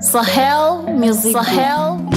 Sahel Music. Sahel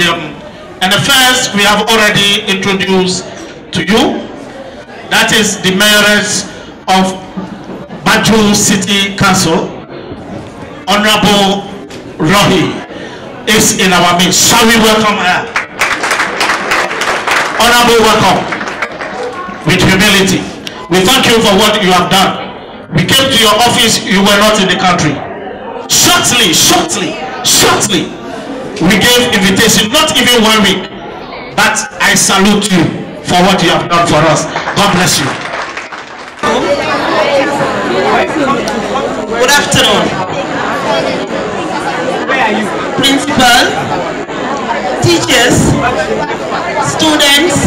them. And the first we have already introduced to you, that is the mayoress of Baju City Council, Honorable Rohi, is in our midst. Shall we welcome her? Honorable welcome, with humility. We thank you for what you have done. We came to your office, you were not in the country. Shortly, shortly, shortly, we gave invitation not even one week but i salute you for what you have done for us god bless you good afternoon where are you principal teachers students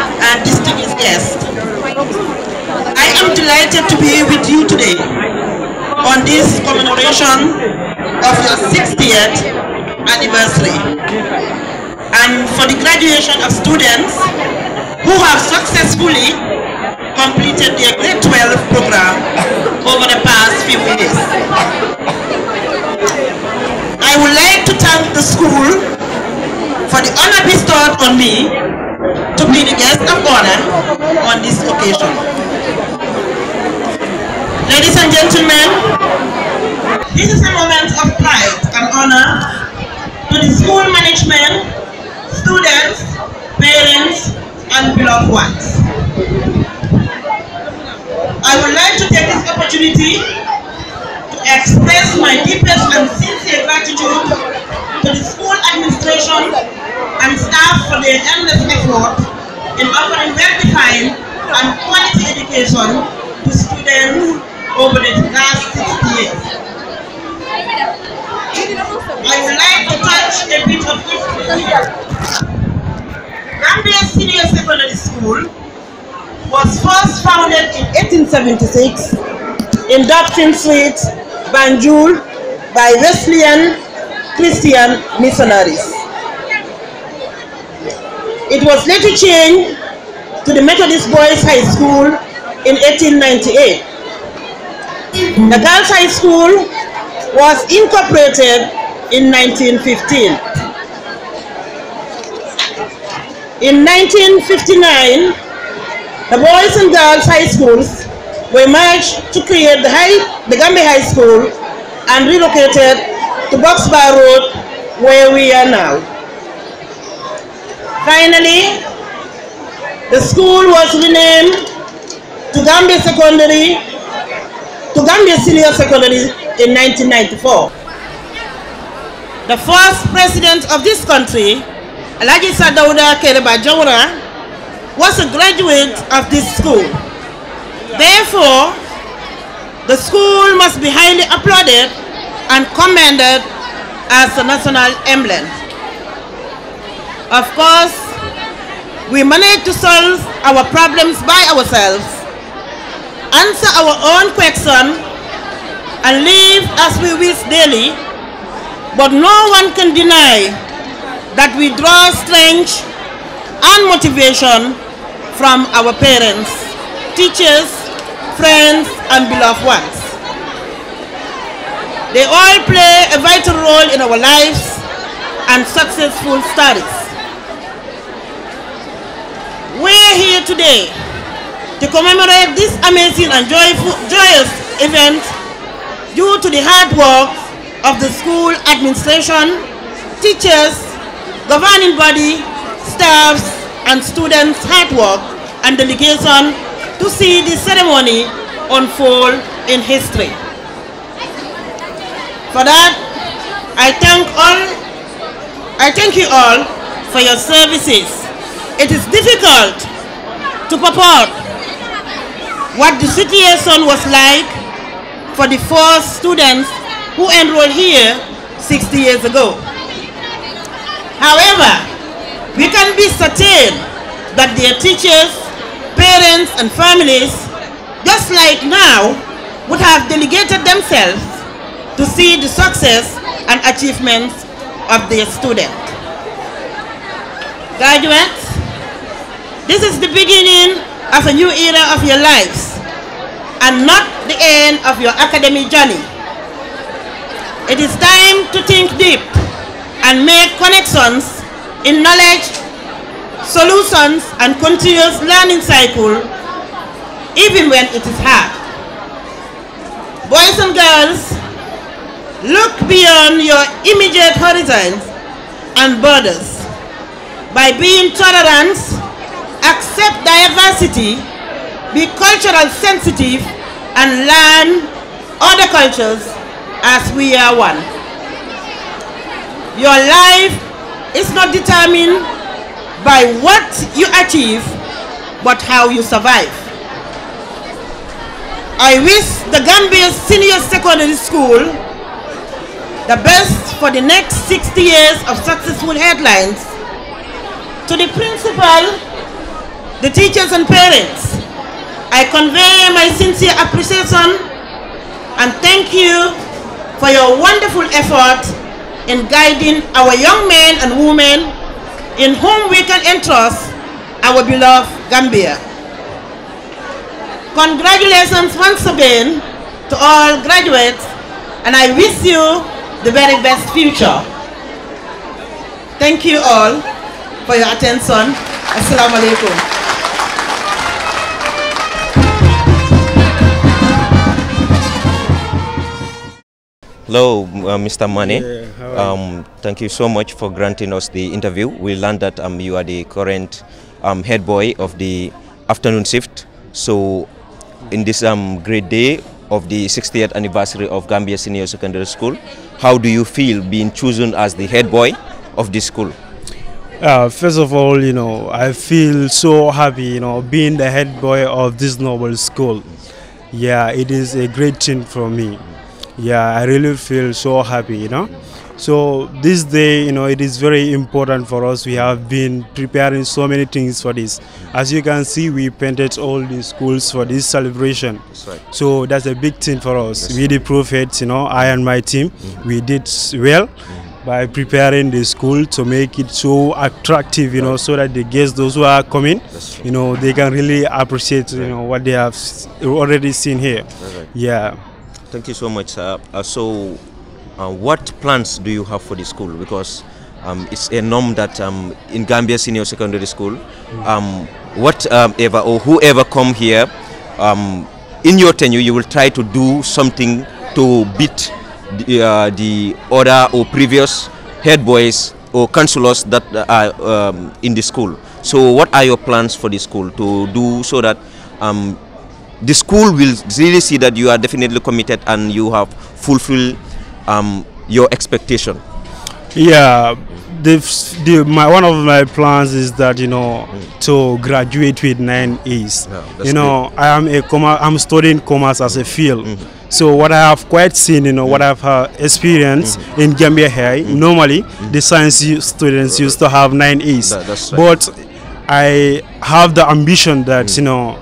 and distinguished guests i am delighted to be with you today on this commemoration of your 60th anniversary and for the graduation of students who have successfully completed their grade 12 program over the past few years. I would like to thank the school for the honor bestowed on me to be the guest of honor on this occasion. Ladies and gentlemen, this is a moment of pride and honor school management, students, parents, and beloved ones. I would like to take this opportunity to express my deepest and sincere gratitude to the school administration and staff for their endless effort in offering well-defined and quality education to students over the last 60 years. I would like to touch a bit of history Gambia Senior Secondary School was first founded in 1876 in Dupton Street, Banjul, by Wesleyan Christian missionaries. It was later changed to the Methodist Boys High School in 1898. The Girls High School was incorporated in 1915. In 1959, the Boys and Girls High Schools were merged to create the, high, the Gambia High School and relocated to Box Road where we are now. Finally, the school was renamed to Gambia Secondary, to Gambia Senior Secondary in 1994 the first president of this country, Alaji Sadauda Kereba Jawara, was a graduate of this school. Therefore, the school must be highly applauded and commended as a national emblem. Of course, we manage to solve our problems by ourselves, answer our own questions, and live as we wish daily but no one can deny that we draw strength and motivation from our parents, teachers, friends, and beloved ones. They all play a vital role in our lives and successful studies. We're here today to commemorate this amazing and joyful, joyous event due to the hard work of the school administration, teachers, governing body, staffs, and students' hard work and delegation to see the ceremony unfold in history. For that, I thank all, I thank you all for your services. It is difficult to purport what the situation was like for the four students who enrolled here 60 years ago. However, we can be certain that their teachers, parents, and families, just like now, would have delegated themselves to see the success and achievements of their student. Graduates, this is the beginning of a new era of your lives and not the end of your academic journey. It is time to think deep and make connections in knowledge, solutions, and continuous learning cycle, even when it is hard. Boys and girls, look beyond your immediate horizons and borders. By being tolerant, accept diversity, be cultural sensitive, and learn other cultures as we are one. Your life is not determined by what you achieve, but how you survive. I wish the Gambia Senior Secondary School the best for the next 60 years of successful headlines to the principal, the teachers and parents. I convey my sincere appreciation and thank you for your wonderful effort in guiding our young men and women in whom we can entrust our beloved Gambia. Congratulations once again to all graduates and I wish you the very best future. Thank you all for your attention. Assalamu alaikum. Hello, uh, Mr. Mani. Yeah, um, thank you so much for granting us the interview. We learned that um, you are the current um, head boy of the afternoon shift. So, in this um, great day of the 60th anniversary of Gambia Senior Secondary School, how do you feel being chosen as the head boy of this school? Uh, first of all, you know, I feel so happy, you know, being the head boy of this noble school. Yeah, it is a great thing for me yeah i really feel so happy you know so this day you know it is very important for us we have been preparing so many things for this as you can see we painted all the schools for this celebration that's right. so that's a big thing for us that's we right. the prophets you know i and my team mm -hmm. we did well mm -hmm. by preparing the school to make it so attractive you right. know so that the guests those who are coming you know they can really appreciate you know what they have already seen here yeah Thank you so much, sir. Uh, so, uh, what plans do you have for the school? Because um, it's a norm that um, in Gambia Senior Secondary School, hmm. um, whatever um, or whoever come here, um, in your tenure, you will try to do something to beat the, uh, the other or previous head boys or counselors that are uh, um, in the school. So what are your plans for the school to do so that um, the school will really see that you are definitely committed and you have fulfilled um, your expectation. Yeah, the, the, my, one of my plans is that you know mm. to graduate with nine A's. Yeah, you know, I am a commerce, I'm studying commerce as a field. Mm -hmm. So what I have quite seen, you know, mm what mm-hmm. I've uh, experienced mm -hmm. in Gambia here, mm-hmm. normally mm-hmm. the science students right. used to have nine A's. That, right. But I have the ambition that mm. you know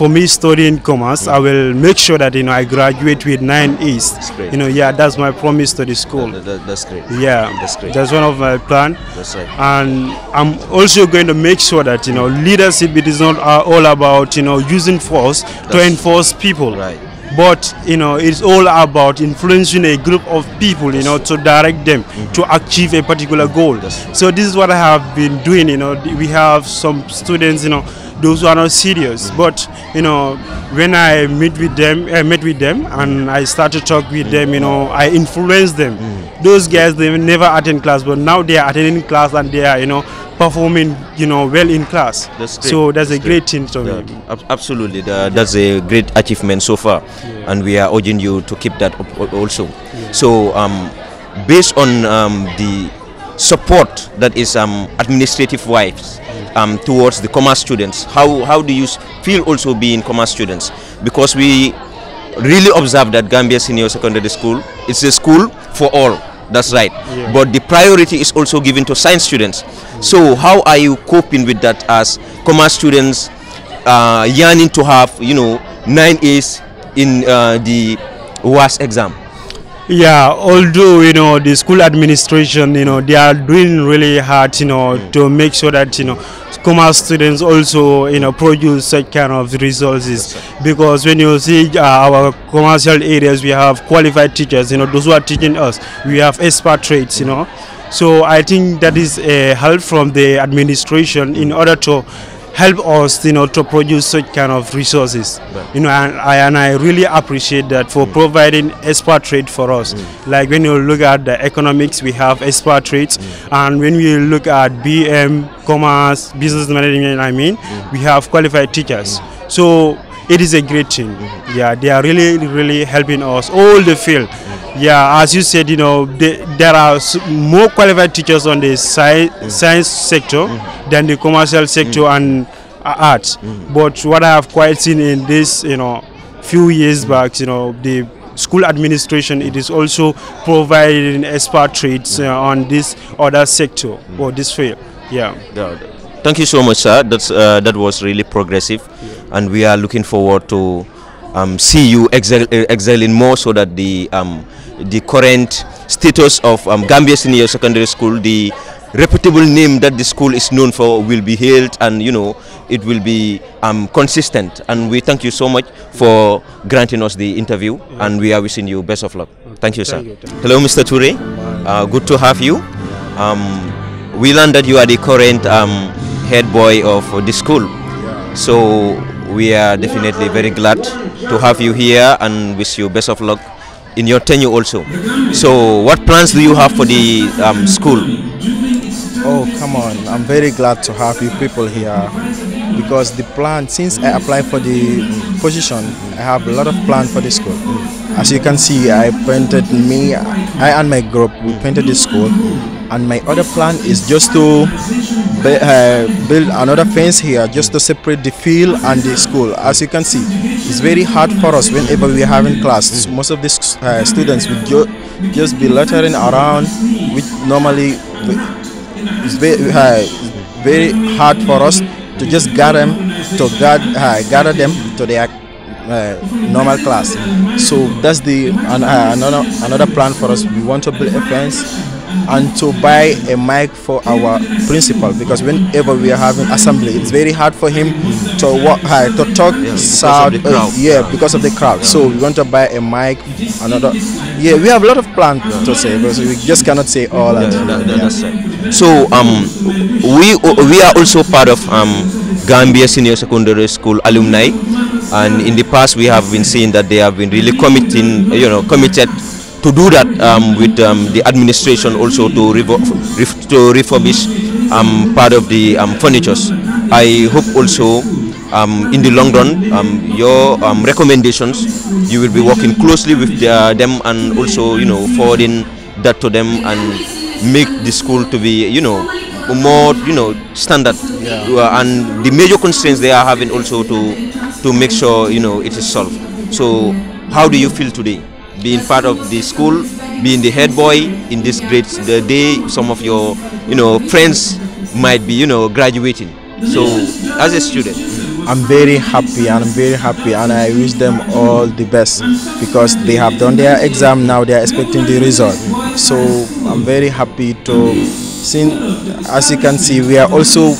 for me studying commerce, I will make sure that you know I graduate with nine E's. You know, yeah, that's my promise to the school. That, that, that's great. Yeah, that's great. That's one of my plan. That's right. And I'm also going to make sure that you know leadership it is not uh, all about you know using force that's to enforce people. Right but you know it's all about influencing a group of people you know to direct them mm -hmm. to achieve a particular goal so this is what i have been doing you know we have some students you know those who are not serious. But you know, when I meet with them, I uh, met with them, and I started talk with them. You know, I influenced them. Mm. Those guys they never attend class, but now they are attending class and they are you know performing you know well in class that's great. so that's, that's a great, great thing to me absolutely that's a great achievement so far yeah. and we are urging you to keep that up also yeah. so um based on um the support that is um, administrative wise um, towards the commerce students? How, how do you feel also being commerce students? Because we really observe that Gambia Senior Secondary School is a school for all. That's right. Yeah. But the priority is also given to science students. Mm. So how are you coping with that as commerce students uh, yearning to have, you know, nine A's in uh, the WAS exam? Yeah, although, you know, the school administration, you know, they are doing really hard, you know, mm. to make sure that, you know, commerce students also, you know, produce such kind of resources. Because when you see uh, our commercial areas, we have qualified teachers, you know, those who are teaching us. We have expert trades, you mm. know. So I think that is a help from the administration in order to help us, you know, to produce such kind of resources. Right. You know, and I, and I really appreciate that for mm. providing expert trade for us. Mm. Like when you look at the economics, we have expert trades, mm. and when we look at BM, commerce, business management, I mean, mm. we have qualified teachers. Mm. So it is a great thing. Mm. Yeah, they are really, really helping us all the field. Yeah, as you said, you know, they, there are more qualified teachers on the sci mm. science sector mm. than the commercial mm. sector uh, mm. and art. But what I have quite seen in this, you know, few years mm. back, you know, the school administration, it is also providing expert trades mm. uh, on this other sector or this field. Yeah. yeah. Thank you so much, sir. That's uh, that was really progressive, yeah. and we are looking forward to um, see you excel, uh, excel in more so that the um, the current status of um, Gambia Senior Secondary School, the reputable name that the school is known for will be hailed and you know it will be um, consistent and we thank you so much for granting us the interview yeah. and we are wishing you best of luck okay. thank you sir thank you, thank hello mr Toure uh, good to have you um, we learned that you are the current um, head boy of the school so we are definitely very glad to have you here and wish you best of luck in your tenure also. So what plans do you have for the um, school? Oh, come on. I'm very glad to have you people here because the plan, since I applied for the position, I have a lot of plan for the school. As you can see, I painted me, I and my group, we painted the school and my other plan is just to uh, build another fence here just to separate the field and the school. As you can see, it's very hard for us whenever we're having classes. Most of these uh, students would ju just be littering around, which normally is very, uh, very hard for us to just gather them, to uh, gather them to their uh, normal class. So that's the an, uh, another another plan for us. We want to build a fence and to buy a mic for our principal because whenever we are having assembly it's very hard for him to walk uh, to talk yeah, sound uh, yeah because of the crowd so we want to buy a mic another yeah we have a lot of plans to say but we just cannot say all that, that, that's right. so um we we are also part of um Gambia Senior Secondary School alumni and in the past we have been seeing that they have been really committing you know committed to do that um, with um, the administration also to, to refurbish um, part of the um, furnitures. I hope also um, in the long run your recommendations you will be working closely with the, them and also you know forwarding that to them and make the school to be you know more you know standard yeah. Uh, and the major constraints they are having also to to make sure you know it is solved so how do you feel today being part of the school, being the head boy in this great the day some of your you know friends might be you know graduating. So as a student, I'm very happy and I'm very happy and I wish them all the best because they have done their exam now they are expecting the result. So I'm very happy to since as you can see we are also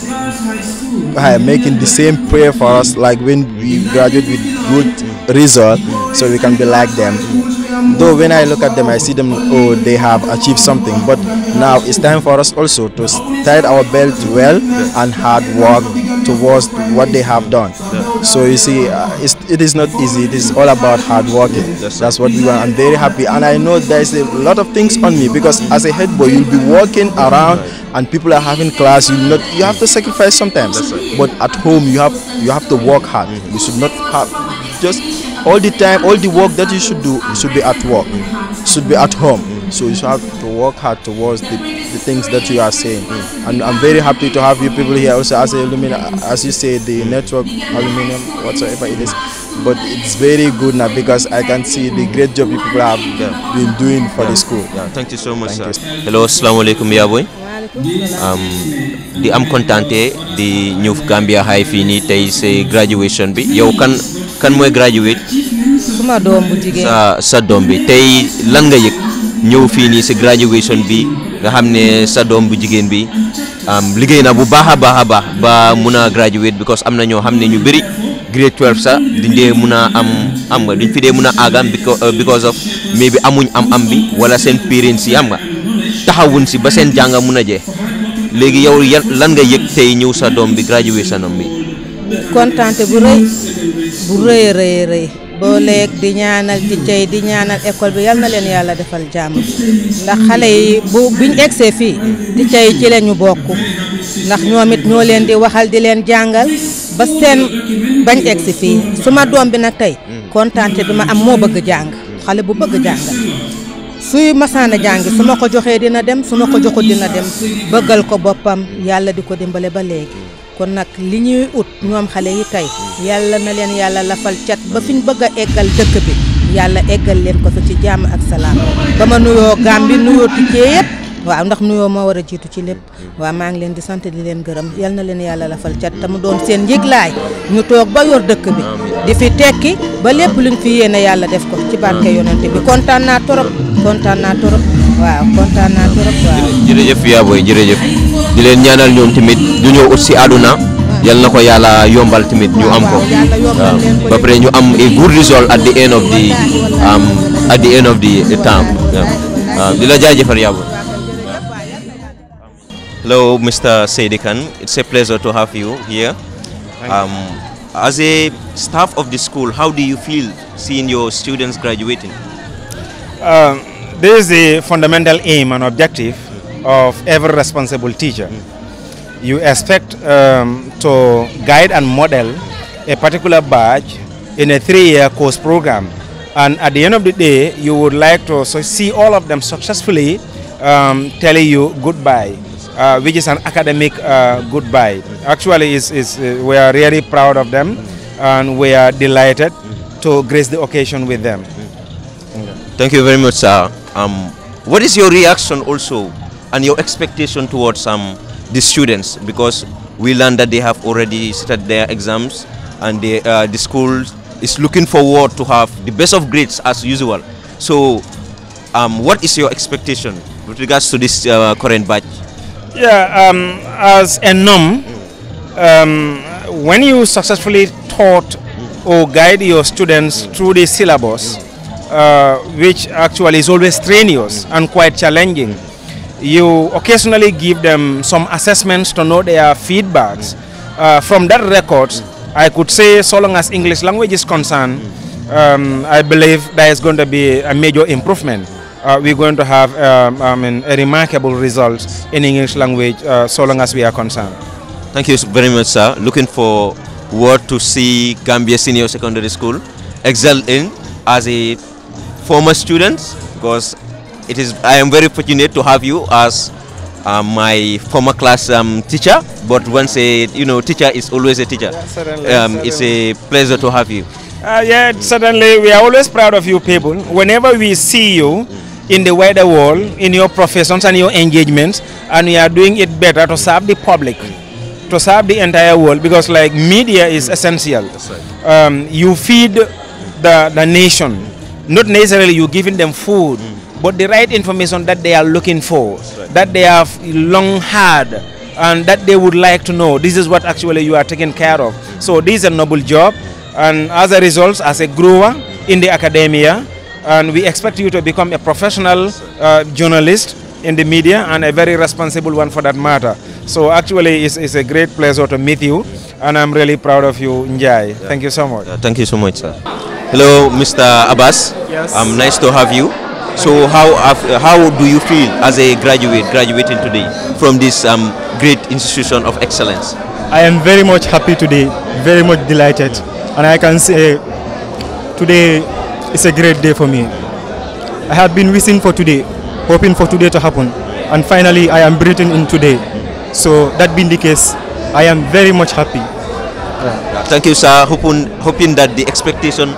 uh, making the same prayer for us like when we graduate with good result so we can be like them Though when I look at them, I see them, oh, they have achieved something. But now it's time for us also to tie our belt well and hard work towards what they have done. So you see, uh, it's, it is not easy. It is all about hard working. That's, what we want. I'm very happy, and I know there's a lot of things on me because as a head boy, you'll be walking around. And people are having class. You not you have to sacrifice sometimes, right. but at home you have you have to work hard. You should not have just all the time all the work that you should do should be at work should be at home so you should have to work hard towards the, the things that you are saying and i'm very happy to have you people here also as aluminum as you say the network aluminum whatsoever it is but it's very good now because I can see the great job you people have yeah. Uh, been doing for yeah. the school. Yeah. Thank you so much. sir. You. Hello, assalamu alaikum, ya boy. Um, di am contenté the ñëw eh? Gambia High Fini. nii say graduation bi yow kan kan mooy graduate. suma doom sa sa doom bi tey lan nga yëg ñëw fii nii si graduation bi nga xam ne sa doom bu jigéen bi liggéey na bu baax a baax a baax ba mun a graduate because am na ñoo xam ne ñu bëri grade 12 sax duñ mun a am am nga duñ fi dee mun a aagam uh, because of mais bi amuñ am-am bi wala seen parents si am nga taxawuñ si ba seen jànga mun a jee léegi yow lan nga yëg tey ñëw sa doom bi graduation am bi. kontaante bu rëy. bu rëy rëy rëy boo leeg di ñaanal di cey di ñaanal école bi yal na leen yàlla defal jàmm ndax xale yi bu biñ egsee fii di cey ci la ñu bokk ndax ñoom it ñoo leen di waxal di leen jàngal ba seen bañ egsi fii suma doom bi nag tey kontaante bi ma am moo bëgg jàng xale bu bëgg jàngal suy masaana jàngi su ma ko joxee dina dem su ma ko joxul dina dem bëggal ko boppam yàlla di ko dimbale ba léegi kon nag li ñuy ut ñoom xale yi tey yàlla na leen yàlla lafal cat ba fi ñu bëgg a eggal dëkk bi yàlla eggal leen ko fi ci jàmm ak salaam ba ma nuyoo Gàmbi nuyoo tukkee yëpp waaw ndax nuyoo moo war a jiitu ci lépp waaw maa ngi leen di sant di leen gërëm yal na leen yàlla lafal cat te mu doon seen yëglaay ñu toog ba yor dëkk bi di fi tekki ba lépp luñ fi yéene yàlla def ko ci barke yonente bi kontaan naa torop kontaan torop waaw kontaan torop waaw jërëjëf yaa booy di ñaanal ñoom ñëw yal yàlla yombal ñu am ko ba pare ñu am good result at the end of the um, at the end of the di la Hello, Mr. Sedikan. It's a pleasure to have you here. Um, as a staff of the school, how do you feel seeing your students graduating? Um, this is the fundamental aim and objective of every responsible teacher. Mm. You expect um, to guide and model a particular batch in a three-year course program. And at the end of the day, you would like to so see all of them successfully um, telling you goodbye, uh, which is an academic uh, goodbye. Actually, it's, it's, uh, we are really proud of them and we are delighted to grace the occasion with them. Thank you very much, sir. Um, what is your reaction also and your expectation towards um, the students because we learned that they have already started their exams and they, uh, the school is looking forward to have the best of grades as usual. So um, what is your expectation with regards to this uh, current batch? Yeah, um, as a norm, um, when you successfully taught or guide your students through the syllabus, uh, which actually is always strenuous and quite challenging, you occasionally give them some assessments to know their feedbacks. Mm. Uh, from that record, mm. I could say so long as English language is concerned, mm. um, I believe there is going to be a major improvement. Uh, we're going to have um, I mean, a remarkable result in English language uh, so long as we are concerned. Thank you very much, sir. Looking for what to see Gambia Senior Secondary School excel in as a former student because it is I am very fortunate to have you as uh, my former class um, teacher. But once a you know teacher is always a teacher. Yeah, certainly, um, certainly. It's a pleasure to have you. Uh, yeah, certainly we are always proud of you people. Whenever we see you in the wider world, in your professions and your engagements, and we are doing it better to serve the public to serve the entire world because like media is essential um, you feed the, the nation not necessarily you giving them food mm but the right information that they are looking for, that they have long had, and that they would like to know. This is what actually you are taking care of. So this is a noble job, and as a result, as a grower in the academia, and we expect you to become a professional uh, journalist in the media and a very responsible one for that matter. So actually, it's, it's a great pleasure to meet you, and I'm really proud of you, Njai. Thank you so much. Uh, thank you so much, sir. Hello, Mr. Abbas. Yes. Um, nice to have you. So how, how do you feel as a graduate graduating today from this um, great institution of excellence? I am very much happy today, very much delighted. And I can say today is a great day for me. I have been wishing for today, hoping for today to happen. And finally, I am breathing in today. So that being the case, I am very much happy. Thank you, sir. Hoping, hoping that the expectation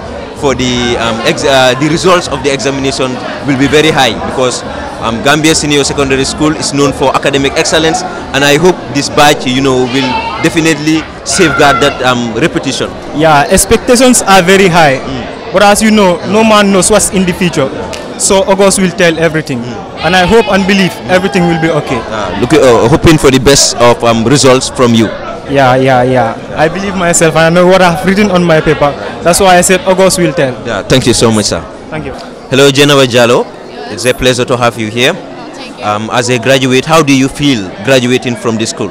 for the um, uh, the results of the examination will be very high because um, Gambia Senior Secondary School is known for academic excellence and I hope this batch you know will definitely safeguard that um, repetition. Yeah, expectations are very high mm. but as you know no man knows what's in the future so August will tell everything mm. and I hope and believe everything will be okay. Uh, look, uh, hoping for the best of um, results from you. Yeah, yeah, yeah. I believe myself and I know what I've written on my paper. That's why I said August will tell. Yeah, thank you so much, sir. Thank you. Hello, General Jallo. Yes. It's a pleasure to have you here. Oh, you. Um, as a graduate, how do you feel graduating from this school?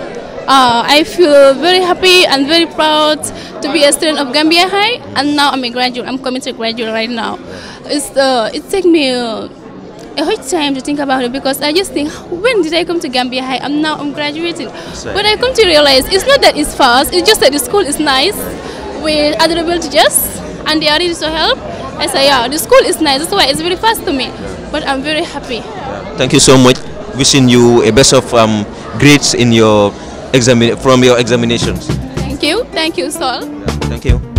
Uh, I feel very happy and very proud to be a student of Gambia High and now I'm a graduate. I'm coming to graduate right now. It's, uh, it took me uh, hard time to think about it because I just think, when did I come to Gambia High? I'm now I'm graduating. Same. But I come to realize it's not that it's fast. It's just that the school is nice with adorable teachers and they are ready to help. I say, yeah, the school is nice. That's why it's very fast to me. But I'm very happy. Thank you so much. Wishing you a best of um, grades in your exam from your examinations. Thank you. Thank you, Saul. Yeah, thank you.